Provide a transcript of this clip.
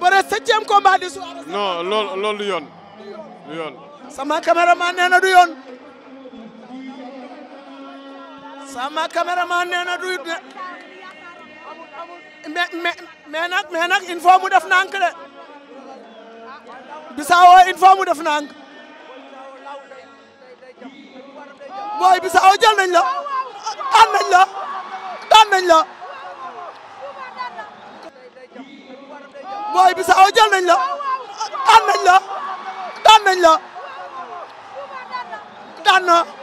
bëre septième combat du soir non loolu yoon sama caméraman nee na du yoon sama caméraman nee na du mais mais mais nag mais nag il faut mu def nànk de Bissawo il faut mu booy Bissawo jël nañ la daan nañ la daan nañ la booy Bissau jël nañ la daan nañ la daan nañ la daan na